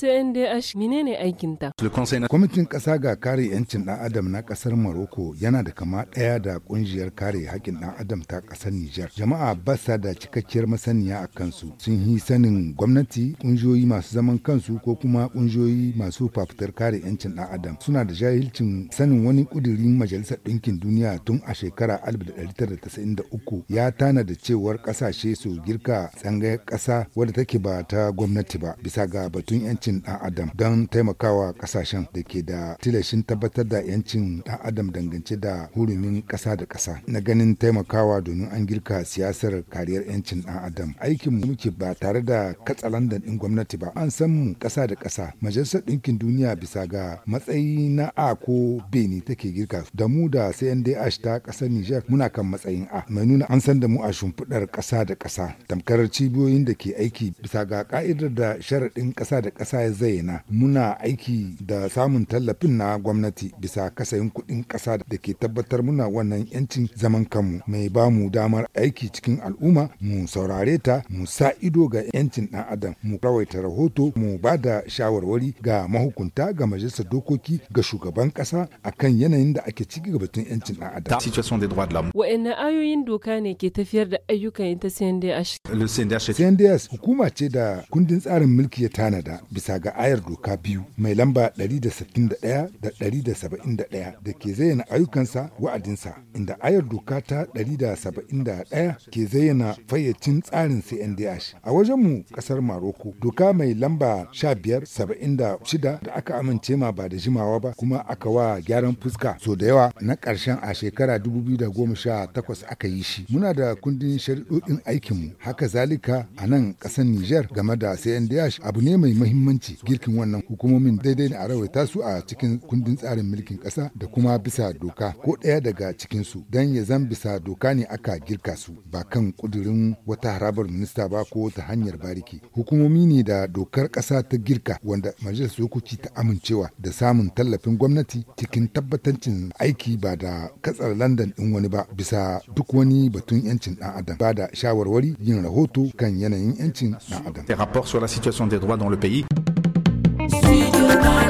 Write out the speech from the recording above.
CNDH menene aikin ta? Kwamitin ƙasa ga kare 'yancin ɗan adam na ƙasar Morocco yana da kama ɗaya da ƙungiyar kare haƙƙin ɗan adam ta ƙasar Nijar. Jama'a ba sa da cikakkiyar masaniya a kansu. Sun yi sanin gwamnati, ƙungiyoyi masu zaman kansu ko kuma ƙungiyoyi masu fafutar kare 'yancin ɗan adam. Suna da jahilcin sanin wani ƙudurin Majalisar Ɗinkin Duniya tun a shekara 1993 ya tana da cewar ƙasashe su girka tsangayar ƙasa wadda take ba ta gwamnati ba bisa ga batun 'yancin 'yancin ɗan adam don taimakawa ƙasashen da ke da tilashin tabbatar da 'yancin ɗan adam dangance da hurumin ƙasa da ƙasa na ganin taimakawa domin an girka siyasar kariyar 'yancin ɗan adam aikin mu muke ba tare da katsalandan ɗin gwamnati ba an san mu ƙasa da ƙasa majalisar ɗinkin duniya bisa ga matsayi na a ko b ne take girka da mu da cndh ta ƙasar niger muna kan matsayin a mai nuna an san da mu a shimfiɗar ƙasa da ƙasa tamkar cibiyoyin da ke aiki bisa ga ka'idar da sharaɗin ƙasa da ƙasa ƙasa ya zayyana muna aiki da samun tallafin na gwamnati bisa kasayin kuɗin ƙasa da ke tabbatar muna wannan yancin zaman kanmu mai ba mu damar aiki cikin al'umma mu saurare ta mu sa ido ga yancin ɗan adam mu rawaita rahoto mu ba da shawarwari ga mahukunta ga majalisar dokoki ga shugaban ƙasa akan yanayin da ake ciki ga batun yancin ɗan adam. Wa'anne ayoyin doka ne ke tafiyar da ayyukan ita CNDH? CNDH hukuma ce da kundin tsarin mulki ya tanada bisa bisa ga ayar doka biyu mai lamba 161 da 171 da ke zayyana ayyukansa wa'adinsa inda ayar doka ta 171 ke zayyana fayyacin tsarin CNDH. A wajenmu kasar Maroko doka mai lamba 1576 da aka amince ma ba da jimawa ba kuma aka wa gyaran fuska so da yawa na ƙarshen a shekara 2018 aka yi shi. Muna da kundin shari'o'in aikinmu haka zalika a nan ƙasar Nijar game da CNDH abu ne mai muhimmanci muhimmanci girkin wannan hukumomin daidai da a rawaita su a cikin kundin tsarin mulkin ƙasa da kuma bisa doka ko ɗaya daga cikin su dan ya zan bisa doka ne aka girka su ba kan ƙudurin wata harabar minista ba ko ta hanyar bariki hukumomi ne da dokar ƙasa ta girka wanda majalisar dokoki ta amincewa da samun tallafin gwamnati cikin tabbatancin aiki ba da katsar landan ɗin wani ba bisa duk wani batun 'yancin ɗan adam ba da shawarwari yin rahoto kan yanayin 'yancin ɗan adam. Des rapports sur la situation des droits dans le pays. Bye.